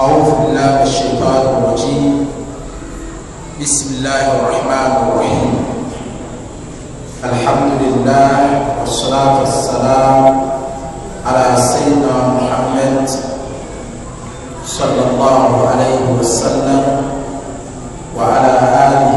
أعوذ بالله من الشيطان الرجيم بسم الله الرحمن الرحيم الحمد لله والصلاة والسلام على سيدنا محمد صلى الله عليه وسلم وعلى آله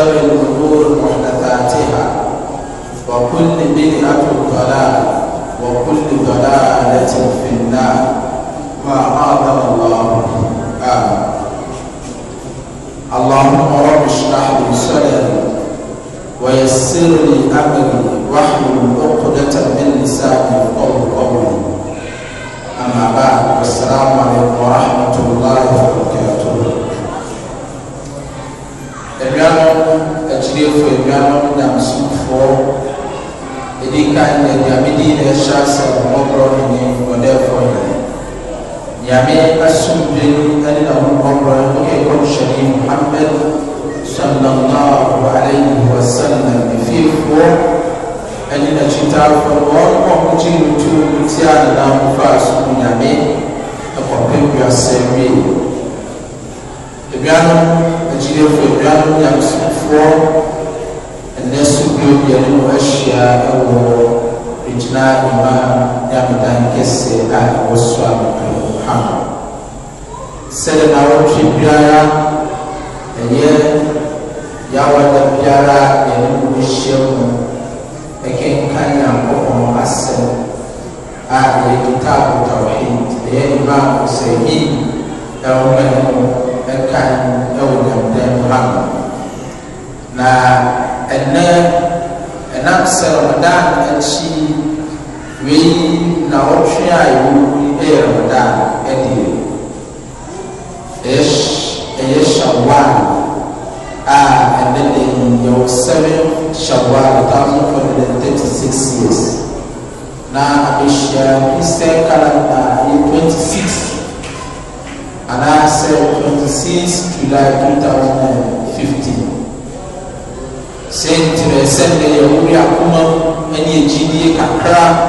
شر الأمور محدثاتها وكل بدعة ضلالة وكل ضلالة في النار ما أعظم الله آمين اللهم رب اشرح لي صدري ويسر لي أمري واحلل عقدة imam yamudan kesse adi wuswa mitu hamu senna wu ti byaa ayet yawon abyara yaniu ushya mu a̱kyenkanyan komon asan adiri kitabu touhid ayet imam musamin amanmu a̱ kan awulamda mhamu na ana a̱nap samudan aci weyi naɔte a yɛwu ayɛ ramadan adeɛ ɛyɛ shawan a ɛndɛneyi yɛw 7 sawal 36 years na ɛsyia estɛ kalanda yi 26 anasɛo26 july 2015 se ntirɛ sɛde yɛwuyakuma ane jini ye kakra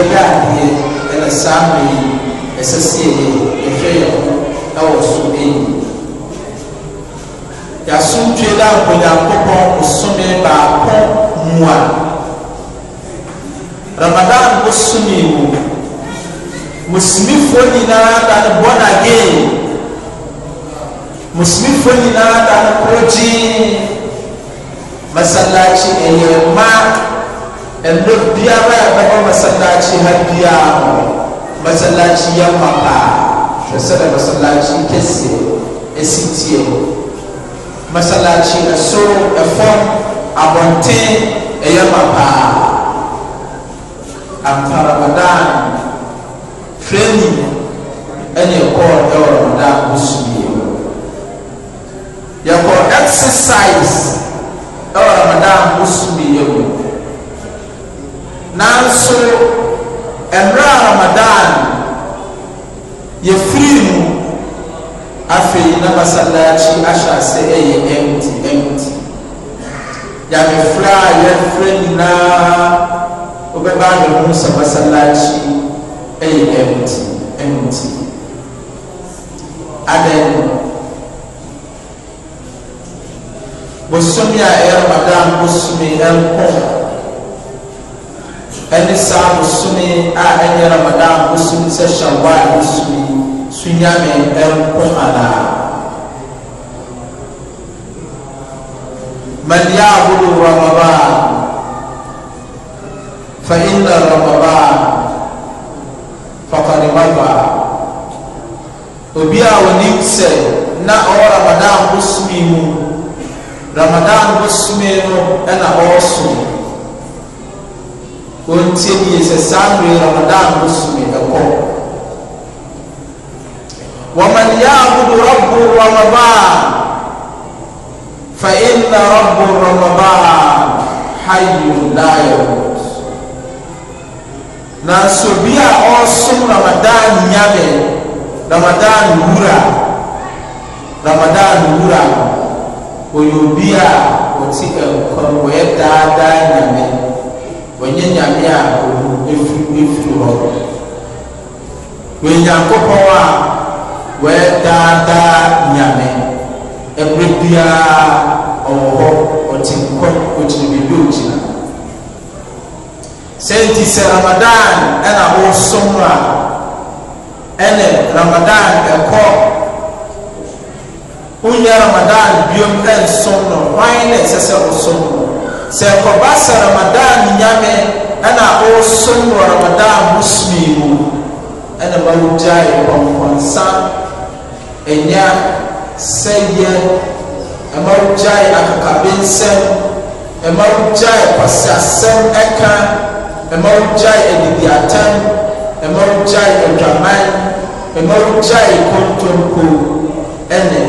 yɛda adeɛ ɛna saa mmere yi ɛsɛ sɛ yɛyɛ yɛhwɛ yɛ ho ɛwɔ so ɛyi yɛasomdwe da nkɔnyankopɔn bosome baako mu a ramadan bosome mu musumifoɔ nyinaa da no born again musumifoɔ nyinaa da no korɔgyee masallachi ɛyɛ mmaa ɛnno biara a ɛbɛkɔ masallaci ha biara no masallaci yɛ ma paa hwɛ sɛdɛ masallaci kɛseɛ ɛsi tie hɔ masallaci ɛsoro ɛfam abɔnten ɛyɛ ma paa amfa ramadan training ɛne ɛkɔɔ ɛwɔ ramadan bosomie mu yɛkɔ exercise ɛwɔ ramadan bosomie mu nanso mmerɛ a ramadan yɛfiri mu afei na masalakyi ahyɛ ase ɛyɛ empty empty yamefra a yɛfrɛ nyinaa wobɛba abɛhu sɛ masalakyi ɛyɛ empty empty adan bosome a ɛyɛ ramadan bosome ɛnkɔn ɛne saa bosome a ɛyɛ ramadan bosom sɛ shawwal bosom yi so nyame ɛnko anaa man yabudu ramadan fa inna ramadan faqad mada obi a wɔnim sɛ na ɔwɔ ramadan bosom mu ramadan bosom no ɛna ɔwɔ som won t nessanre ramadan musmi kↄ waman yahudu rabu ramadan fainna rabun ramadan hayun la yawot nanso bia ↄ son ramadan yame ramadan wura ramadan wura wayo biya watekɛ kwɛ dadaa yamɛ wɔanyɛ nyame a ɔwu ɛfiri hɔ wei nyankopɔn a wɔɛ daa daa nyame ɛborɛ biarra ɔwɔ hɔ ɔtinkɔ ɔkyiribibi okyina sɛnti sɛ ramadan ɛnawor soma ɛnɛ ramadan ɛkɔ wonyɛ ramadan biom ɛnsom no wwan ne ɛsɛ sɛ wo somo sɛ ɔba sɛ ramadan nyame ɛna ɔresom wɔ ramadan musumi mu ɛna wɔagyae pɔnkɔnsa ɛnya sɛyɛ ɛma wɔgyae akakabensɛm ɛma wɔgyae kwasiasɛm ɛka ɛma wɔgyae adidiatɛm ɛma wɔgyae adwaman ɛma wɔgyae kontompo ɛne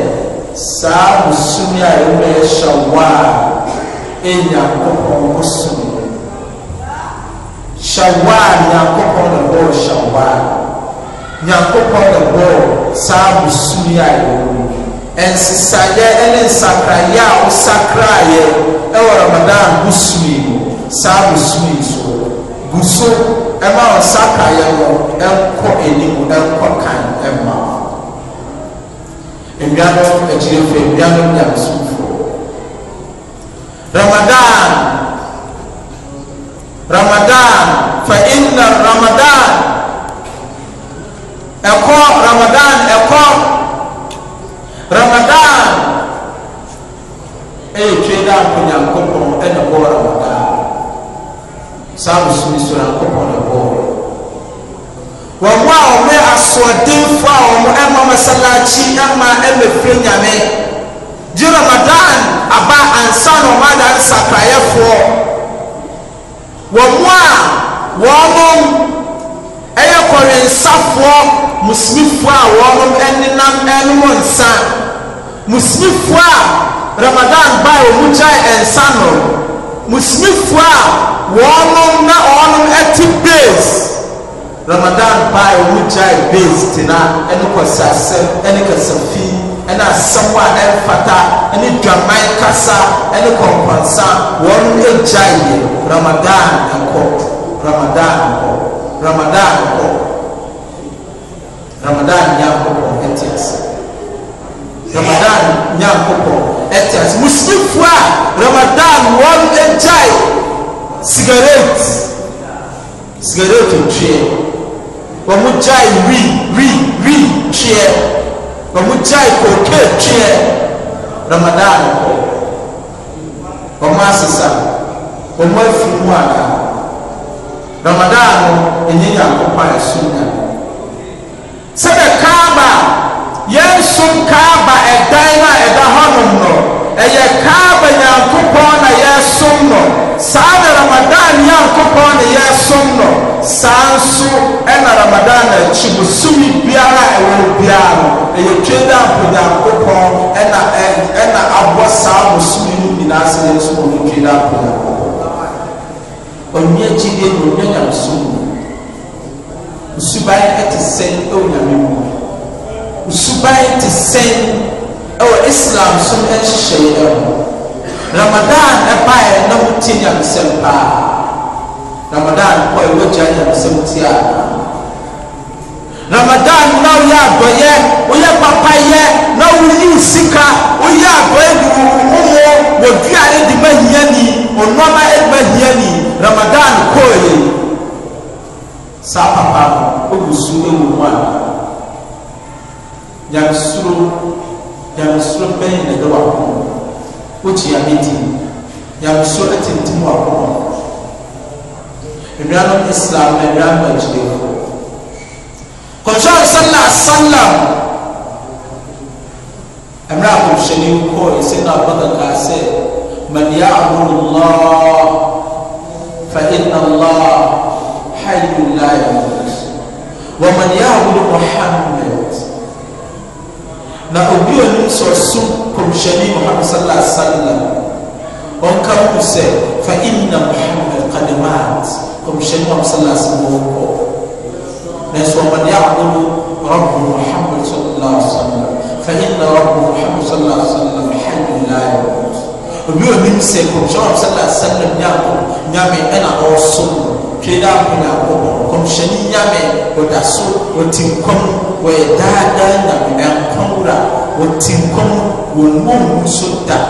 saa musumi a ɛwɔ yɛ hyɛ waa enyankopɔn bosom shawal nyankopɔn na bɔɔ shawal nyankopɔn na bɔɔ saa bosumi a ɛwɔ mu nsesaeɛ ne nsakraeɛ a wosakraeɛ ɛwɔ ramadan bosumi mu saa bosumi so gu so ɛma wo sakraeɛ no ɛnkɔ anim ɛnkɔ kan ɛma wo nnuanom akyirɛfo nnuanom nyamesom ramadan ɛkɔ ramadan ɛyɛ twe da nkonyankopɔn ɛna bɔ ramadan saa bosome so nyankopɔn na bɔ wɔn a wɔyɛ asoɔdenfo a wɔn ɛma masalakyi ɛma ɛma firi nyame gye ramadan aba ansa na wɔn adan sakraeɛfoɔ wɔn a wɔn ɛyɛ kɔrensafoɔ. musumifoɔ a wɔɔnom ɛnenam ɛnoho nsa musimifoɔ a ramadan ba omugyae ɛnsa no musumifoɔ a wɔɔnom na ɔɔnom ɛti bees ramadan bae ɔmu gyae bees tena ɛne kɔsaasɛm ne kɛsafi ɛne asɛmw a na ɛmfataa ɛne dwamae kasa ɛne kɔnkɔnsa wɔnom agyae yɛ ramadan nkɔ ramadan nkɔ ramadan nkɔ ramadan nyankopɔn ɛte ase ramadan nyankopɔn ɛte ase muslimfoɔ a ramadan wɔn agyae cigarette cigarette ntweɛ wɔn gyae wi wi wi tweɛ wɔn gyae koke tweɛ ramadan hɔ wɔn asesa wɔn afi mu aka ramadan no ɛnyɛ nyankopɔn a ɛso nyankopɔn yɛn som kaaba ɛdan no a ɛda hɔnom no ɛyɛ kaaba nyankopɔn na yɛsom no saa na ramadan nyankopɔn na yɛsom no saa nso ɛna ramadan na akyi bosome biara a ɛwɔ biara no ɛyɛ twedampo nyankopɔn ɛna ɛna aboa saa bosome no nyinaa sɛ yɛn so wɔn twedampo nyankopɔn ɔnyɛ gyidie na ɔnyɛ nyamesom no suban ɛte sɛ ɛwɔ nyame mu nsuban nte sɛn wɔ islam so n ɛnhyehyɛe ɛho ramadan ɛbayɛ na wo ti nnyamsɛm paa ramadan kɔyɛ wɔagya nnyamesɛm ti a ramadan nawyɛa dagasuro dagasuro bɛn na da waa kɔn wotia bi ti yamusoro ɛtintim waa kɔn nnuanom islam nnuanom agyilefo kɔmhyɛn sallah sallam mmerɛ a kɔmhyɛni kɔɔ ɛsɛ na abaka kaa sɛ man yaabudu allah fa inna allah hayyun la yamut wa man yaabudu muhammad n obi nim sɛɔso kyɛni muhamad s sam ɔ mu ɛ fainn muhamad admaat kyɛ mɔ nsman ybou u muhamad ain i nim sɛ khyɛn amnebonyam ɛnaɔrno tw e neɔ kyɛni nyam ɔda so ɔti wyɛdaadaa namn وtinkom wmmsta